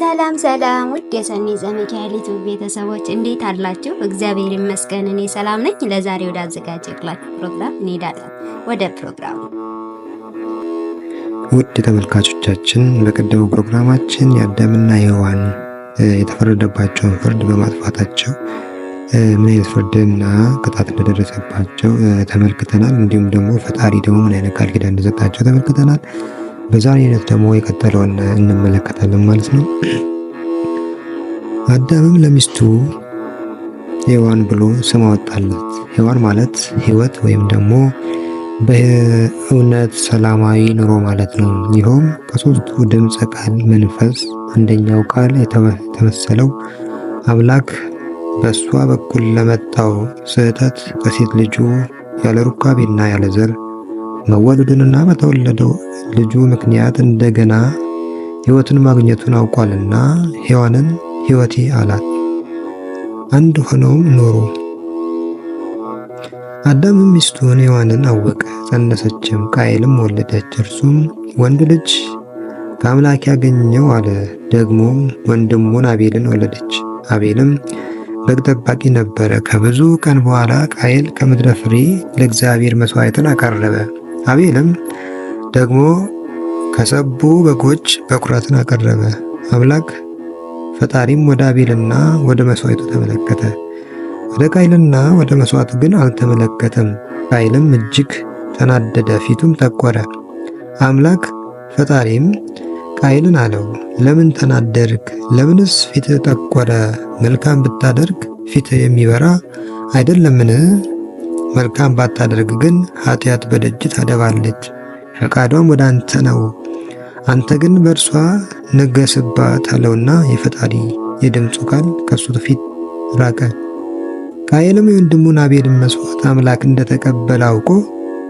ሰላም ሰላም ውድ የሰኔ ዘመቻ ሊቱ ቤተሰቦች እንዴት አላችሁ? እግዚአብሔር ይመስገን እኔ ሰላም ነኝ። ለዛሬ ወደ አዘጋጀሁላችሁ ፕሮግራም እንሄዳለን። ወደ ፕሮግራሙ። ውድ ተመልካቾቻችን በቀደሙ ፕሮግራማችን የአዳምና የሔዋን የተፈረደባቸውን ፍርድ በማጥፋታቸው ምን አይነት ፍርድና ቅጣት እንደደረሰባቸው ተመልክተናል። እንዲሁም ደግሞ ፈጣሪ ደግሞ ምን አይነት ቃል ኪዳን እንደሰጣቸው ተመልክተናል። በዛሬ ዕለት ደግሞ የቀጠለውን እንመለከታለን ማለት ነው። አዳምም ለሚስቱ ሔዋን ብሎ ስም አወጣለት። ሔዋን ማለት ሕይወት ወይም ደግሞ በእውነት ሰላማዊ ኑሮ ማለት ነው። ይኸውም ከሶስቱ ድምፀ ቃል መንፈስ አንደኛው ቃል የተመሰለው አምላክ በእሷ በኩል ለመጣው ስህተት ከሴት ልጁ ያለ ሩካቤና ያለ ዘር መወለዱንና በተወለደው ልጁ ምክንያት እንደገና ሕይወትን ማግኘቱን አውቋልና ሔዋንን ሕይወቴ አላት፣ አንድ ሆነውም ኖሩ። አዳምም ሚስቱን ሔዋንን አወቀ፣ ጸነሰችም፣ ቃየልም ወለደች። እርሱም ወንድ ልጅ ከአምላክ ያገኘው አለ። ደግሞ ወንድሙን አቤልን ወለደች። አቤልም በግ ጠባቂ ነበረ። ከብዙ ቀን በኋላ ቃየል ከምድረ ፍሬ ለእግዚአብሔር መስዋዕትን አቀረበ። አቤልም ደግሞ ከሰቡ በጎች በኩራትን አቀረበ። አምላክ ፈጣሪም ወደ አቤልና ወደ መስዋዕቱ ተመለከተ፣ ወደ ቃይልና ወደ መስዋዕቱ ግን አልተመለከተም። ቃይልም እጅግ ተናደደ፣ ፊቱም ጠቆረ። አምላክ ፈጣሪም ቃይልን አለው፣ ለምን ተናደርክ? ለምንስ ፊት ጠቆረ? መልካም ብታደርግ ፊት የሚበራ አይደለምን? መልካም ባታደርግ ግን ኃጢአት በደጅ ታደባለች፣ ፈቃዷም ወደ አንተ ነው። አንተ ግን በእርሷ ነገስባት አለውና የፈጣሪ የድምፁ ቃል ከእሱ ፊት ራቀ። ቃየልም የወንድሙን አቤልን መስዋዕት አምላክ እንደተቀበለ አውቆ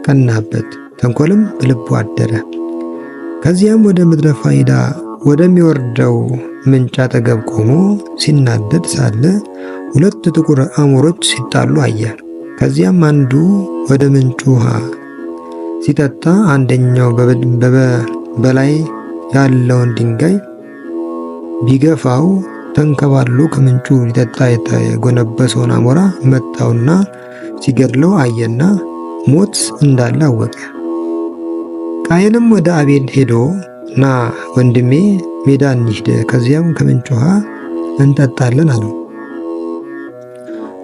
ቀናበት፣ ተንኮልም በልቡ አደረ። ከዚያም ወደ ምድረ ፋይዳ ወደሚወርደው ምንጭ አጠገብ ቆሞ ሲናደድ ሳለ ሁለት ጥቁር አሞሮች ሲጣሉ አያል። ከዚያም አንዱ ወደ ምንጩ ውሃ ሲጠጣ አንደኛው በላይ ያለውን ድንጋይ ቢገፋው ተንከባሎ ከምንጩ ሊጠጣ የጎነበሰውን አሞራ መታውና ሲገድለው አየና ሞት እንዳለ አወቀ። ቃየንም ወደ አቤል ሄዶ ና ወንድሜ ሜዳ እንሂድ፣ ከዚያም ከምንጭ ውሃ እንጠጣለን አለው።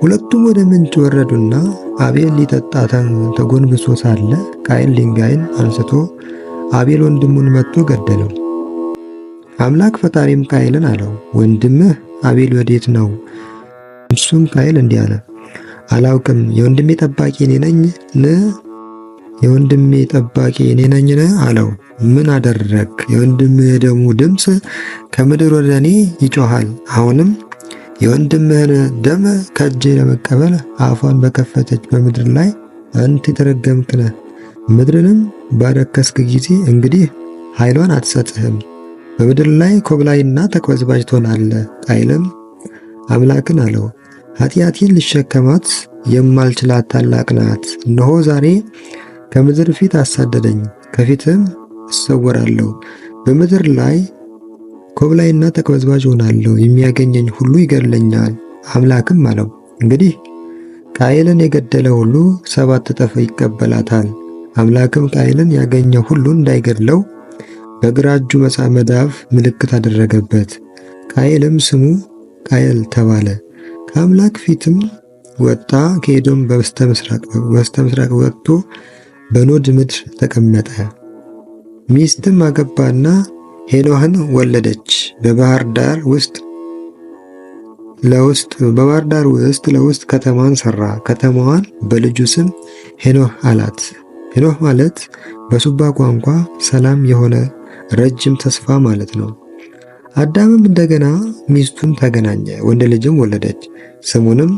ሁለቱም ወደ ምንጭ ወረዱና አቤል ሊጠጣ ተጎንብሶ ሳለ ቃይል ድንጋይን አንስቶ አቤል ወንድሙን መጥቶ ገደለው። አምላክ ፈጣሪም ቃይልን አለው፣ ወንድምህ አቤል ወዴት ነው? እሱም ቃይል እንዲህ አለ፣ አላውቅም። የወንድሜ ጠባቂ እኔ ነኝ የወንድሜ ጠባቂ እኔ ነኝ ነ አለው። ምን አደረግ? የወንድምህ ደሙ ድምፅ ከምድር ወደ እኔ ይጮሃል። አሁንም የወንድምህን ደም ከእጄ ለመቀበል አፏን በከፈተች በምድር ላይ አንተ የተረገምክ ነህ፣ ምድርንም ባረከስክ ጊዜ እንግዲህ ኃይሏን አትሰጥህም። በምድር ላይ ኮብላይና ተቅበዝባዥ ትሆናለህ አይልም? አምላክን አለው ኃጢአቴን ልሸከማት የማልችላት ታላቅ ናት። እነሆ ዛሬ ከምድር ፊት አሳደደኝ፣ ከፊትም እሰወራለሁ። በምድር ላይ ኮብላይና ተቅበዝባዥ ሆናለሁ፣ የሚያገኘኝ ሁሉ ይገድለኛል። አምላክም አለው እንግዲህ ቃየልን የገደለ ሁሉ ሰባት እጥፍ ይቀበላታል። አምላክም ቃየልን ያገኘ ሁሉ እንዳይገድለው በግራ እጁ መጻ መዳፍ ምልክት አደረገበት። ቃየልም ስሙ ቃየል ተባለ። ከአምላክ ፊትም ወጣ፣ ከኤዶም በስተ ምስራቅ ወጥቶ በኖድ ምድር ተቀመጠ። ሚስትም አገባና ሄኖህን ወለደች። በባህር ዳር ውስጥ ለውስጥ በባህር ዳር ውስጥ ለውስጥ ከተማን ሰራ። ከተማዋን በልጁ ስም ሄኖህ አላት። ሄኖህ ማለት በሱባ ቋንቋ ሰላም የሆነ ረጅም ተስፋ ማለት ነው። አዳምም እንደገና ሚስቱን ተገናኘ፣ ወንድ ልጅም ወለደች። ስሙንም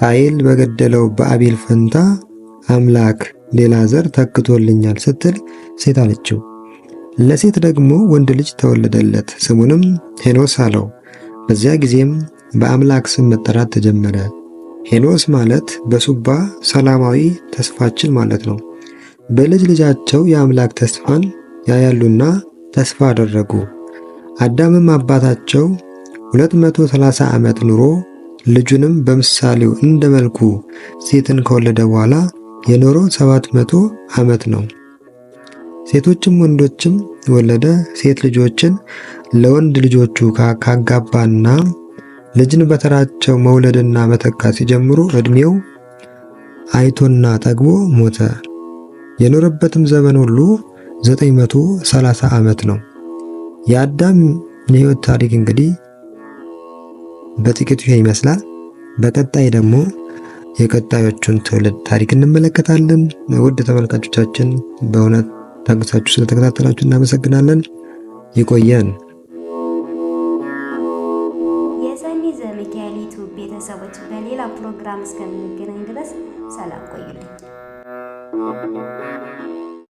ቃይል በገደለው በአቤል ፈንታ አምላክ ሌላ ዘር ተክቶልኛል ስትል ሴት አለችው። ለሴት ደግሞ ወንድ ልጅ ተወለደለት፣ ስሙንም ሄኖስ አለው። በዚያ ጊዜም በአምላክ ስም መጠራት ተጀመረ። ሄኖስ ማለት በሱባ ሰላማዊ ተስፋችን ማለት ነው። በልጅ ልጃቸው የአምላክ ተስፋን ያያሉና ተስፋ አደረጉ። አዳምም አባታቸው 230 ዓመት ኑሮ ልጁንም በምሳሌው እንደ መልኩ ሴትን ከወለደ በኋላ የኖረው 700 ዓመት ነው። ሴቶችም ወንዶችም ወለደ። ሴት ልጆችን ለወንድ ልጆቹ ካጋባና ልጅን በተራቸው መውለድና መተካት ሲጀምሩ እድሜው አይቶና ጠግቦ ሞተ። የኖረበትም ዘመን ሁሉ 930 ዓመት ነው። የአዳም የህይወት ታሪክ እንግዲህ በጥቂቱ ይሄ ይመስላል። በቀጣይ ደግሞ የቀጣዮቹን ትውልድ ታሪክ እንመለከታለን። ውድ ተመልካቾቻችን በእውነት ታግሳችሁ ስለተከታተላችሁ እናመሰግናለን። ይቆየን። የሰኒ ዘሚካኤል ቤተሰቦች በሌላ ፕሮግራም እስከምንገናኝ ድረስ ሰላም ቆዩልኝ።